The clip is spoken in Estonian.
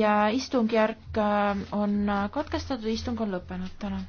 ja istungjärk äh, on katkestatud, istung on lõppenud täna.